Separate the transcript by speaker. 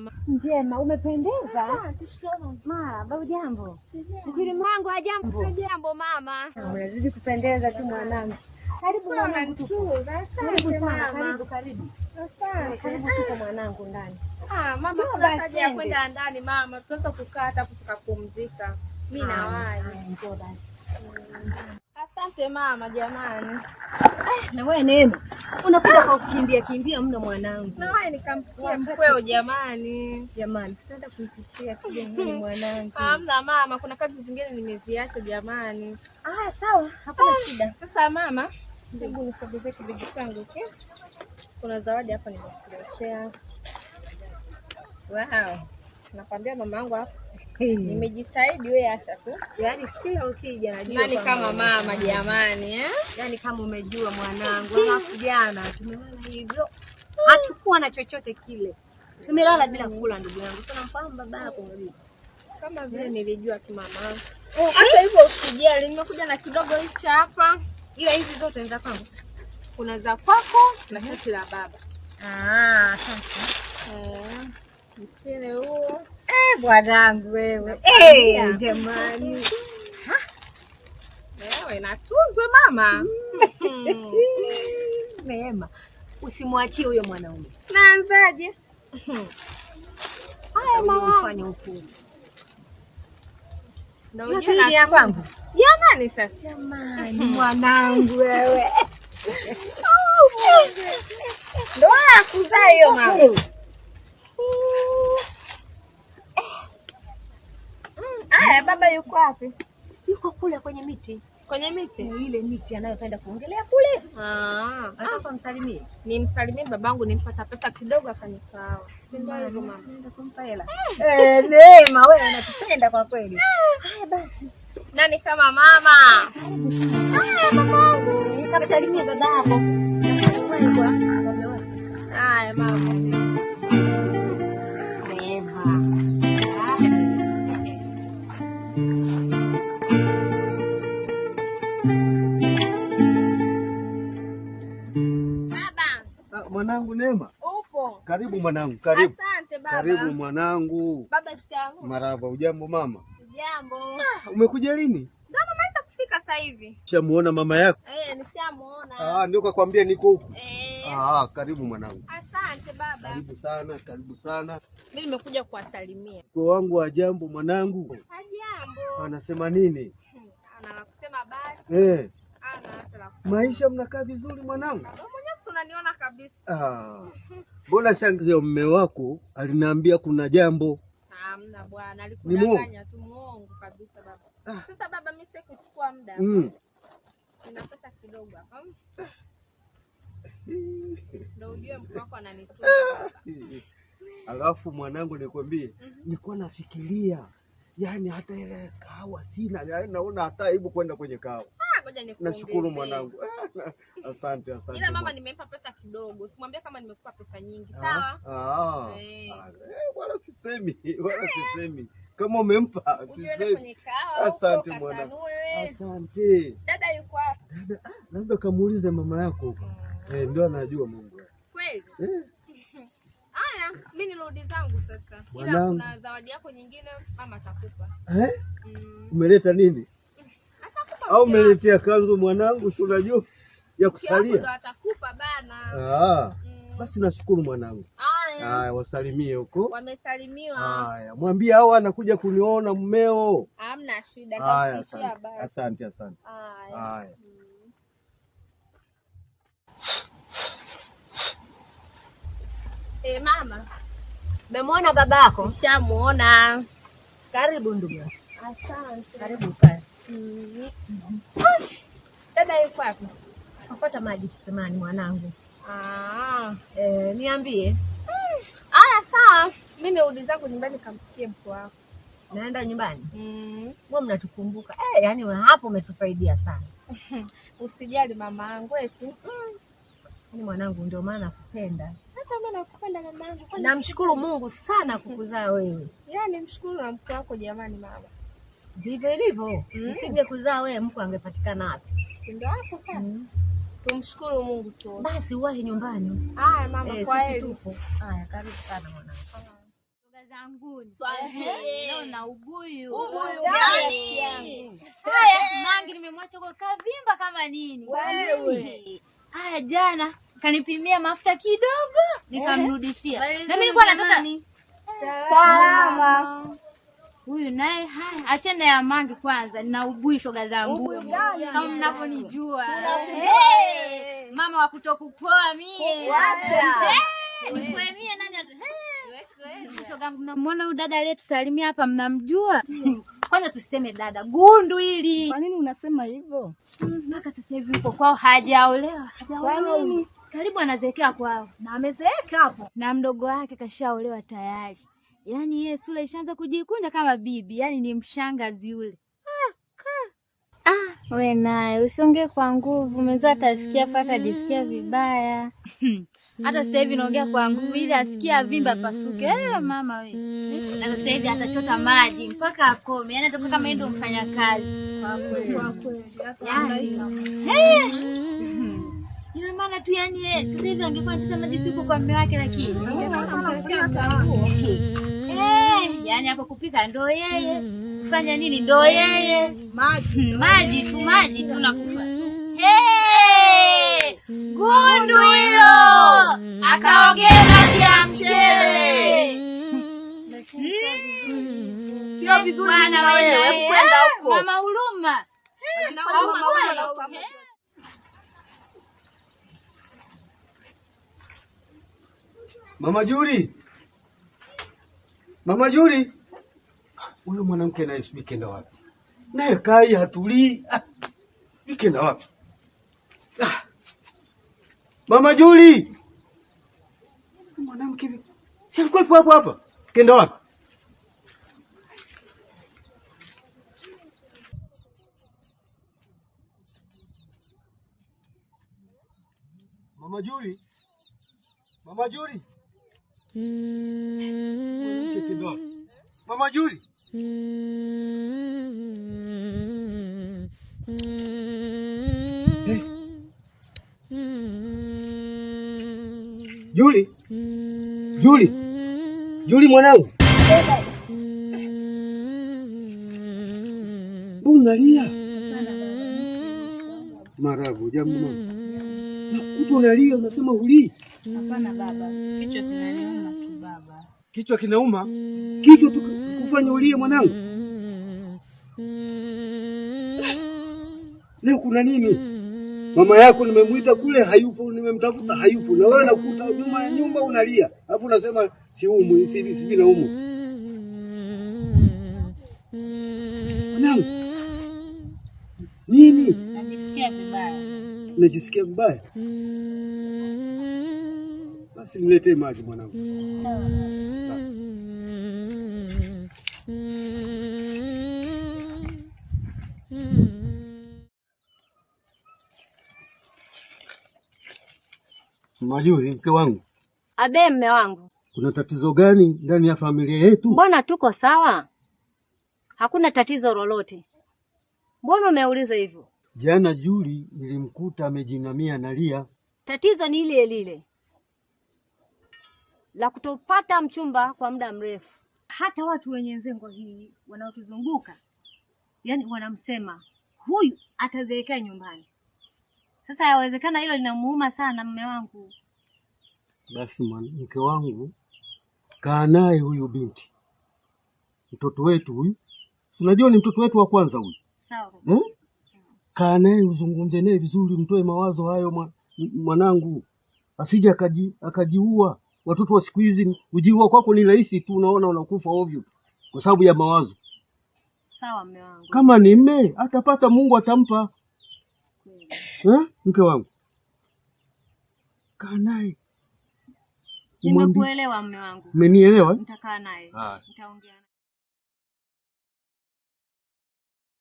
Speaker 1: mama?
Speaker 2: Njema, umependeza. Marahaba, hujambo?
Speaker 1: Mkwili mwangu hajambo. Hujambo mama?
Speaker 2: Unazidi kupendeza tu mwanangu. Karibu mwanangu,
Speaker 1: karibu karibu.
Speaker 2: Karibu tuko mwanangu ndani.
Speaker 1: Ah, mama kuna haja ya kwenda ndani mama, tunaweza kukaa hapo tukapumzika. Mimi ah, na
Speaker 2: wewe. Ah, njoo basi.
Speaker 1: Asante mama, jamani.
Speaker 2: Ah, na wewe Neema unakuja kwa kukimbia kimbia mno mwanangu.
Speaker 1: Na wewe nikampikia mkweo jamani.
Speaker 2: Jamani, tutaenda kuipikia kijengoni
Speaker 1: mwanangu. Hamna mama, kuna kazi zingine nimeziacha jamani.
Speaker 2: Ah, sawa, hakuna ah, shida.
Speaker 1: Sasa mama, hebu nisogezee kidogo changu, okay? Kuna zawadi hapa nimekuletea. Wow. Nakwambia mama yangu hapa Nimejitahidi wewe hata
Speaker 2: tu. yani, kila ukija najua. Nani
Speaker 1: kama mama jamani eh?
Speaker 2: yani kama umejua mwanangu, alafu jana tumelala hivyo. Hatukuwa na chochote kile. Tumelala bila mm. kula ndugu yangu. Sasa namfahamu baba yako
Speaker 1: Kama vile mm. nilijua kimama. Oh, hata eh? hivyo usijali. Nimekuja na kidogo hicho hapa.
Speaker 2: Ila hizi zote za kwangu.
Speaker 1: Kuna za kwako na shati mm-hmm. la
Speaker 2: baba. Ah, asante.
Speaker 1: Eh, mchele huo
Speaker 2: Eh, bwanangu wewe. Eh, jamani.
Speaker 1: Wewe natunzwe mama. Mm.
Speaker 2: Neema, usimwachie huyo mwanaume.
Speaker 1: Naanzaje? Haya mama. Ya kwangu jamani, sasa jamani,
Speaker 2: mwanangu wewe, ndoa kuzaa hiyo mama baba yuko wapi? Yuko kule kwenye miti kwenye miti Ni ile miti anayopenda kuongelea kule.
Speaker 1: Ah, anataka msalimie. Nimsalimie babangu, nimpata pesa kidogo akanisahau. Si ndio hivyo mama? Nenda kumpa hela.
Speaker 2: Eh. eh, Neema wewe unatupenda kwa kweli. Ah.
Speaker 1: Haya basi. Nani kama mama? Haya mamangu,
Speaker 2: nikamsalimie babako.
Speaker 1: Haya mama. yangu Neema. Upo.
Speaker 3: Karibu mwanangu,
Speaker 1: karibu. Asante
Speaker 3: baba. Karibu mwanangu.
Speaker 1: Baba shikamoo.
Speaker 3: Marahaba, ujambo mama?
Speaker 1: Ujambo. Ah,
Speaker 3: umekuja lini?
Speaker 1: Ndio kufika sasa hivi.
Speaker 3: Nishamuona mama
Speaker 1: yako? Eh, nishamuona.
Speaker 3: Ah, ndio kakwambia niko
Speaker 1: huko. Eh.
Speaker 3: Ah, ah karibu mwanangu.
Speaker 1: Asante baba.
Speaker 3: Karibu sana, karibu sana.
Speaker 1: Mimi nimekuja kuwasalimia.
Speaker 3: Mko wangu wa jambo mwanangu?
Speaker 1: Ajambo.
Speaker 3: Anasema nini?
Speaker 1: Hm, anakusema basi. Eh. Ana la
Speaker 3: Maisha mnakaa vizuri
Speaker 1: mwanangu? Mama unaniona
Speaker 3: kabisa. Ah. Mbona ah, shangizio mume wako aliniambia kuna jambo.
Speaker 1: Hamna bwana, alikudanganya tu, muongo kabisa baba. Ah. Sasa baba, mimi sitaki kuchukua muda. Mm. Nina pesa kidogo hapa. Ah. Ndio ujue mko wako ananituma. Ah.
Speaker 3: Alafu mwanangu, nikwambie mm -hmm. nilikuwa nafikiria yaani hata ile kahawa sina, yaani naona hata aibu kwenda kwenye kahawa Nashukuru mwanangu. Asante,
Speaker 1: asante. Ila mama nimempa pesa kidogo. Simwambia kama nimekupa pesa nyingi, ah,
Speaker 3: sawa? Ah. Eh. Eh, wala sisemi, wala sisemi. Kama umempa Asante mwanangu. Asante. Dada yuko hapa. Dada, ah, labda kamuulize mama yako huko. Mm. Eh, ndio anajua Mungu.
Speaker 1: Kweli? Eh. Haya, mimi nirudi zangu sasa. Ila kuna zawadi yako nyingine mama
Speaker 3: atakupa. Eh? Mm. Umeleta nini? au umeniletea kanzu mwanangu, si unajua ya
Speaker 1: kusalia? atakupa bana.
Speaker 3: Ah. Mm. Basi nashukuru mwanangu. Haya, wasalimie huko.
Speaker 1: Wamesalimiwa.
Speaker 3: Haya, mwambie hao anakuja kuniona mmeo.
Speaker 1: Hamna shida, nitakufikishia
Speaker 3: habari. Asante, asante.
Speaker 1: Haya. Eh, mama. Memwona babako? Nishamuona.
Speaker 2: Karibu ndugu.
Speaker 1: Asante.
Speaker 2: Karibu ukae. Mm-hmm.
Speaker 1: Dada yuko wapi?
Speaker 2: Napata maji kisimani mwanangu.
Speaker 1: Ah,
Speaker 2: eh, niambie.
Speaker 1: Mm. Haya, sawa. Mimi nirudi zangu nyumbani kampikie mko wako.
Speaker 2: Naenda nyumbani? Mm. Wewe mnatukumbuka. Eh, yaani hapo umetusaidia sana.
Speaker 1: Usijali mama yangu eti. Mm. Ni
Speaker 2: yaani mwanangu ndio maana nakupenda.
Speaker 1: Hata mimi nakupenda
Speaker 2: mama yangu. Namshukuru Mungu sana kukuzaa
Speaker 1: wewe. Yaani mshukuru na mke wako jamani mama
Speaker 2: ndivyo ilivyo. Msinge mm. kuzaa wewe, mko angepatikana
Speaker 1: wapi? Ndio hapo sasa. Mm. Tumshukuru Mungu
Speaker 2: tu. Basi uwahi nyumbani.
Speaker 1: Haya mama, eh, kwa
Speaker 2: heri. Haya, karibu sana mwanangu.
Speaker 1: mangi nimemwacha kwa kavimba kama nini. Haya, jana kanipimia mafuta kidogo nikamrudishia. Na mimi nilikuwa nataka
Speaker 2: salama
Speaker 1: huyu naye haya, achende ya mangi kwanza, ninaubui shoga zangu kama mnaponijua mama wa kutokupoa mie nikuemie nani shoga yangu. huyu dada aliyetusalimia hapa, mnamjua? Kwanza tuseme dada gundu hili.
Speaker 2: Kwa nini unasema
Speaker 1: hivyo? Mm, mpaka sasa hivi uko kwao, hajaolewa. Karibu anazeekea
Speaker 2: kwao, na amezeeka hapo,
Speaker 1: na mdogo wake kashaolewa tayari. Yaani yeye sura ishaanza kujikunja kama bibi, yaani ni mshangazi yule. Ah, ah, ah we naye usiongee kwa nguvu, mwenzo atasikia paka ajisikia mm-hmm. vibaya. Hata sasa hivi naongea kwa nguvu ili asikia vimba pasuke Eh, mama we. Na mm-hmm. sasa hivi atachota maji mpaka akome. Yaani atakuwa kama yeye ndio mfanyakazi.
Speaker 2: Mm-hmm. Kwa kweli.
Speaker 1: Kwa kweli. Yaani. Eh! maana tu yani mm. sasa hivi angekuwa anachota maji supu kwa mume wake, lakini mm. yani mm. eh, hapo kupika ndo yeye, kufanya nini ndo yeye, maji tu maji tu nakufa eh, gundu hilo, akaongea maji ya mchele sio vizuri, eh, mama huruma
Speaker 3: Mama Juri, Mama Juri, huyo mwanamke naye sijui kenda wapi? Naye kai hatulii, ah, sijui kenda wapi? Ah. Mama Juri,
Speaker 2: mwanamke
Speaker 3: si hapo hapa, kenda wapi? Mama Juri, Mama Juri. Mama Juli. Hey. Juli. Juli. Juli mwanangu. Unalia? Marabu jambo. Mm. Unalia unasema
Speaker 1: ulii? Hapana baba. Kichwa kinalia.
Speaker 3: Kichwa kinauma, mm. kichwa tukufanya ulie mwanangu. Mm. Leo kuna nini? Mm. Mama yako nimemwita kule, hayupo, nimemtafuta hayupo, na wewe nakuta nyuma ya nyumba unalia, alafu unasema siumwi, sijui naumwa. Mwanangu nini?
Speaker 1: Najisikia vibaya.
Speaker 3: Najisikia vibaya? Basi niletee maji mwanangu. Majuri, mke wangu.
Speaker 2: Abe, mme wangu.
Speaker 3: Kuna tatizo gani ndani ya familia
Speaker 2: yetu? Mbona tuko sawa, hakuna tatizo lolote. Mbona umeuliza hivyo?
Speaker 3: Jana Juli nilimkuta amejinamia nalia
Speaker 2: Tatizo ni ile lile la kutopata mchumba kwa muda mrefu. Hata watu wenye nzengo hii wanaotuzunguka yani wanamsema huyu atazeekea nyumbani. Sasa yawezekana hilo linamuuma sana mme wangu.
Speaker 3: Basi mwanamke wangu, kaa naye huyu binti, mtoto wetu huyu, unajua ni mtoto wetu wa kwanza
Speaker 2: huyu hmm?
Speaker 3: Kaa naye uzungumze naye vizuri, mtoe mawazo hayo mwanangu, asije akaji, akajiua. Watoto wa siku hizi, ujiua kwako ni rahisi tu, unaona unakufa ovyo kwa sababu ya mawazo sawa mme wangu. Kama ni mme atapata, Mungu atampa. Eh, mke wangu, kaa naye.
Speaker 2: Nimekuelewa mme wangu. Mmenielewa? Eh? Nitakaa naye. Nitaongea.